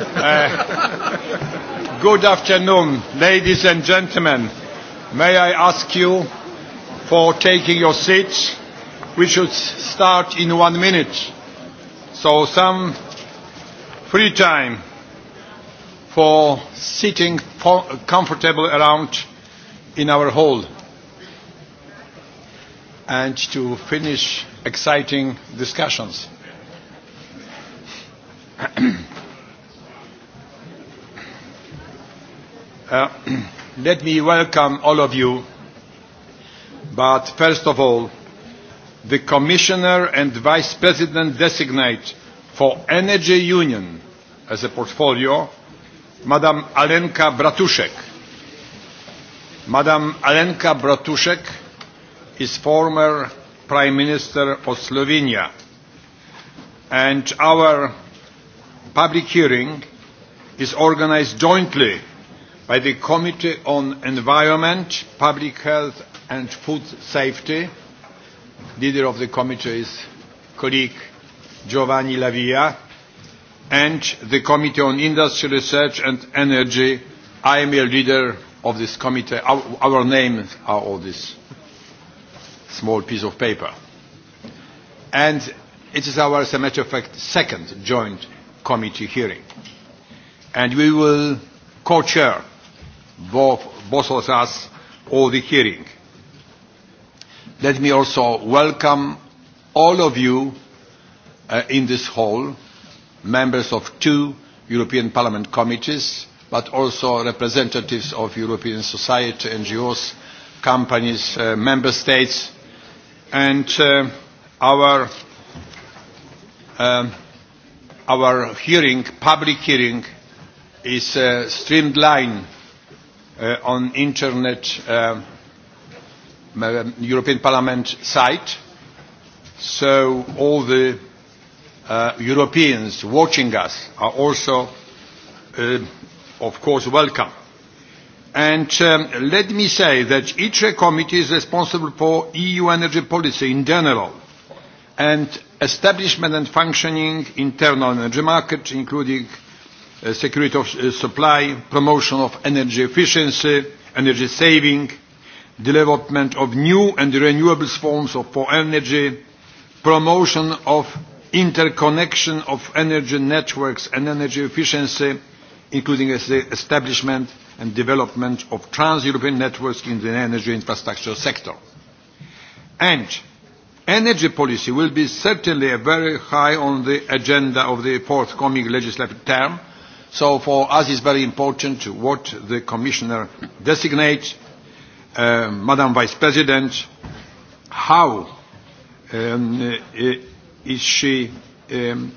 Uh, good afternoon, ladies and gentlemen. May I ask you for taking your seats? We should start in one minute. So some free time for sitting comfortable around in our hall and to finish exciting discussions. Uh, let me welcome all of you. But first of all, the Commissioner and Vice President designate for Energy Union as a portfolio, Madam Alenka Bratuszek. Madam Alenka Bratuszek is former Prime Minister of Slovenia and our public hearing is organized jointly by the Committee on Environment, Public Health and Food Safety. Leader of the committee is colleague Giovanni Lavia and the Committee on Industry, Research and Energy. I am a leader of this committee. Our, our names are all this small piece of paper. And it is our, as a matter of fact, second joint committee hearing. And we will co-chair both, both of us for the hearing. Let me also welcome all of you uh, in this hall, members of two European Parliament committees, but also representatives of European society, NGOs, companies, uh, member states, and uh, our, uh, our hearing, public hearing, is uh, streamlined uh, on internet uh, uh, European Parliament site. So all the uh, Europeans watching us are also, uh, of course, welcome. And um, let me say that each committee is responsible for EU energy policy in general and establishment and functioning internal energy market, including Uh, security of uh, supply, promotion of energy efficiency, energy saving, development of new and renewable forms of, for energy, promotion of interconnection of energy networks and energy efficiency, including the establishment and development of trans-European networks in the energy infrastructure sector. And energy policy will be certainly very high on the agenda of the forthcoming legislative term, So for us it's very important what the Commissioner designates, uh, Madam Vice President, how um, uh, is she, um,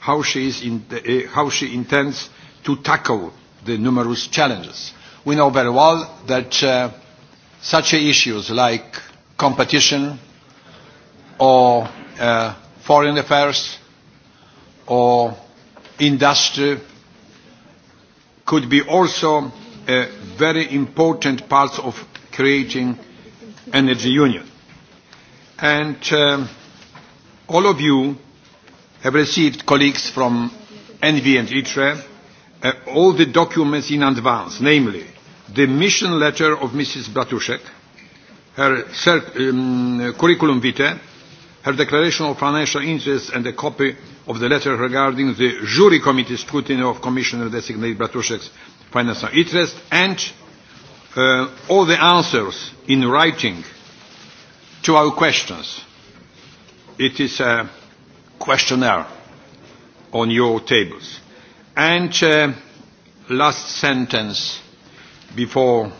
how, she is in, uh, how she intends to tackle the numerous challenges. We know very well that uh, such issues like competition or uh, foreign affairs or industry could be also a very important part of creating energy union. And um, all of you have received colleagues from Envy and ITRE uh, all the documents in advance, namely the mission letter of Mrs. Bratushek, her um, curriculum vitae, her declaration of financial interests and a copy of the letter regarding the jury committee scrutiny of Commissioner designate Bratushek's financial interest and uh, all the answers in writing to our questions. It is a questionnaire on your tables. And uh, last sentence before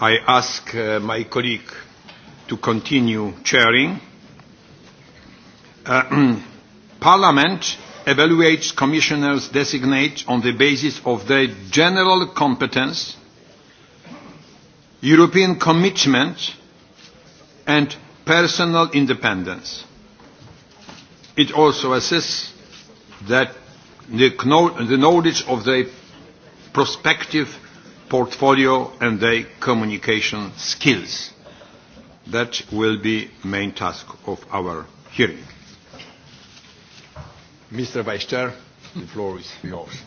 I ask uh, my colleague to continue chairing Uh, Parliament evaluates commissioners designate on the basis of their general competence, European commitment, and personal independence. It also assists that the, the knowledge of their prospective portfolio and their communication skills. That will be main task of our hearing. Mr. Vice Chair, the floor is yours.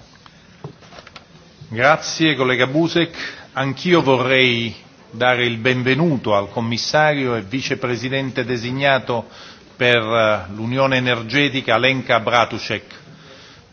Grazie collega Busek, anch'io vorrei dare il benvenuto al commissario e vicepresidente designato per eh, l'Unione Energetica Lenka Bratusek.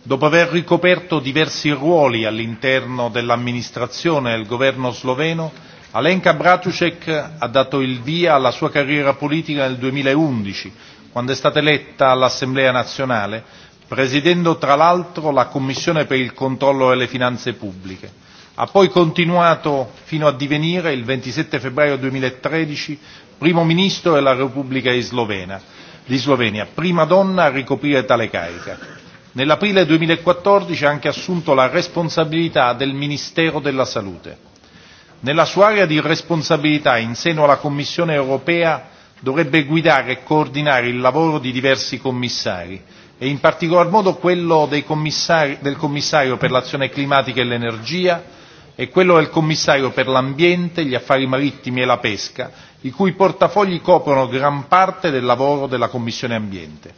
Dopo aver ricoperto diversi ruoli all'interno dell'amministrazione del governo sloveno, Alenka Bratusek ha dato il via alla sua carriera politica nel 2011, quando è stata eletta all'Assemblea nazionale, presidendo tra l'altro la Commissione per il controllo delle finanze pubbliche. Ha poi continuato fino a divenire il 27 febbraio 2013 primo ministro della Repubblica Slovena, di Slovenia, prima donna a ricoprire tale carica. Nell'aprile 2014 ha anche assunto la responsabilità del Ministero della Salute. Nella sua area di responsabilità in seno alla Commissione europea dovrebbe guidare e coordinare il lavoro di diversi commissari e in particolar modo quello dei commissari, del commissario per l'azione climatica e l'energia e quello del commissario per l'ambiente, gli affari marittimi e la pesca, i cui portafogli coprono gran parte del lavoro della Commissione ambiente.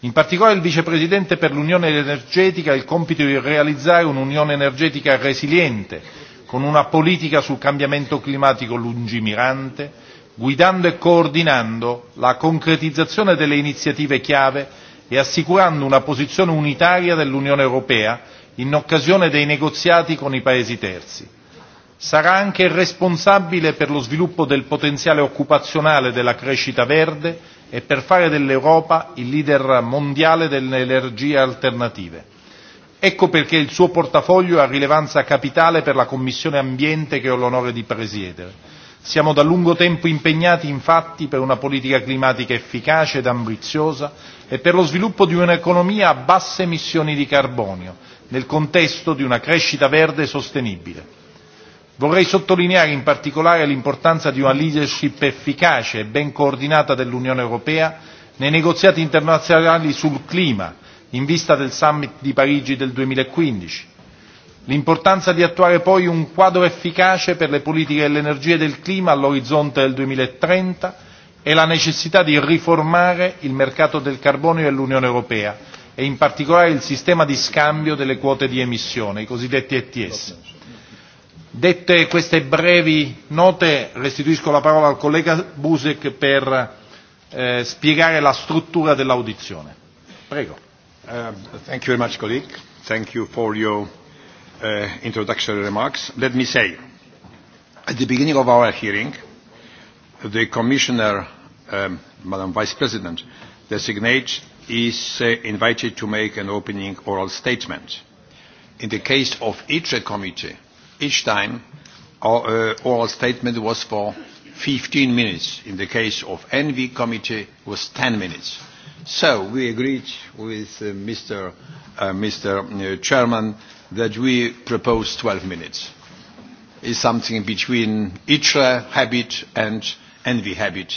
In particolare il vicepresidente per l'Unione energetica ha il compito di realizzare un'unione energetica resiliente, con una politica sul cambiamento climatico lungimirante, guidando e coordinando la concretizzazione delle iniziative chiave e assicurando una posizione unitaria dell'Unione Europea in occasione dei negoziati con i Paesi terzi. Sarà anche responsabile per lo sviluppo del potenziale occupazionale della crescita verde e per fare dell'Europa il leader mondiale delle energie alternative. Ecco perché il suo portafoglio ha rilevanza capitale per la Commissione Ambiente che ho l'onore di presiedere Siamo da lungo tempo impegnati infatti per una politica climatica efficace ed ambiziosa e per lo sviluppo di un'economia a basse emissioni di carbonio, nel contesto di una crescita verde e sostenibile. Vorrei sottolineare in particolare l'importanza di una leadership efficace e ben coordinata dell'Unione Europea nei negoziati internazionali sul clima in vista del summit di Parigi del 2015 L'importanza di attuare poi un quadro efficace per le politiche dell'energia e del clima all'orizzonte del 2030 e la necessità di riformare il mercato del carbonio dell'Unione Europea e in particolare il sistema di scambio delle quote di emissione, i cosiddetti ETS. Dette queste brevi note restituisco la parola al collega Busek per eh, spiegare la struttura dell'audizione. Prego. Uh, thank you very much colleague. Thank you for your uh, introductory remarks, let me say, at the beginning of our hearing, the Commissioner, um, Madam Vice President, designate is uh, invited to make an opening oral statement. In the case of each committee, each time our uh, oral statement was for 15 minutes. In the case of NV committee, was 10 minutes. So we agreed with uh, Mr. Uh, Mr. Uh, Chairman that we propose 12 minutes. It's something between ITRA habit and envy habit.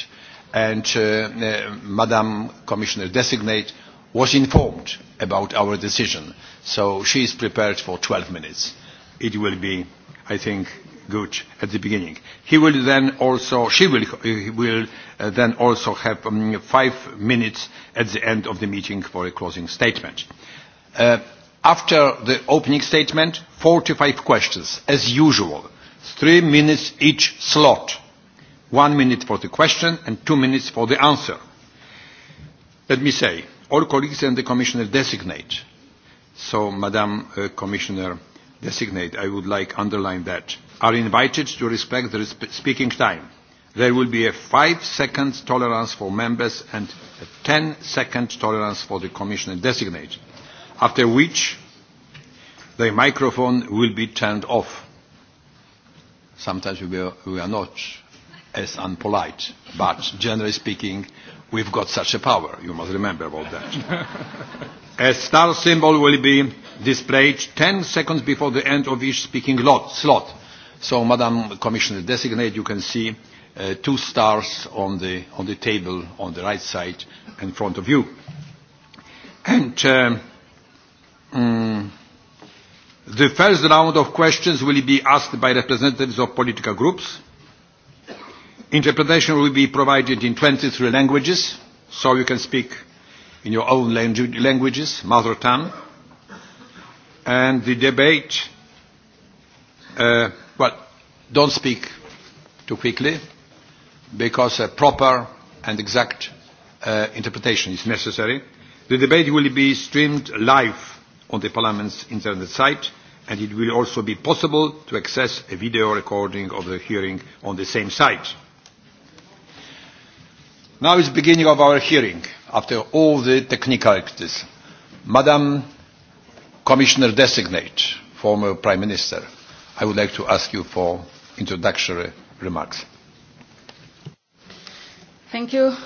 And uh, uh, Madam Commissioner Designate was informed about our decision. So she is prepared for 12 minutes. It will be, I think, Gooch at the beginning. He will then also, she will, he will uh, then also have um, five minutes at the end of the meeting for a closing statement. Uh, after the opening statement, 45 questions, as usual, three minutes each slot, one minute for the question and two minutes for the answer. Let me say, all colleagues and the commissioner designate. So, Madam uh, Commissioner, designate, I would like underline that, are invited to respect the speaking time. There will be a five second tolerance for members and a ten second tolerance for the commissioner designate, after which the microphone will be turned off. Sometimes we are, we are not as unpolite, but generally speaking, we've got such a power. You must remember about that. a star symbol will be displayed 10 seconds before the end of each speaking lot, slot. So, Madam Commissioner designate, you can see uh, two stars on the, on the table on the right side in front of you. And um, um, the first round of questions will be asked by representatives of political groups Interpretation will be provided in 23 languages, so you can speak in your own languages, mother tongue. And the debate, uh, well, don't speak too quickly, because a proper and exact uh, interpretation is necessary. The debate will be streamed live on the Parliament's internet site and it will also be possible to access a video recording of the hearing on the same site. Now is the beginning of our hearing after all the technicalities. Madam Commissioner Designate, former Prime Minister, I would like to ask you for introductory remarks. Thank you.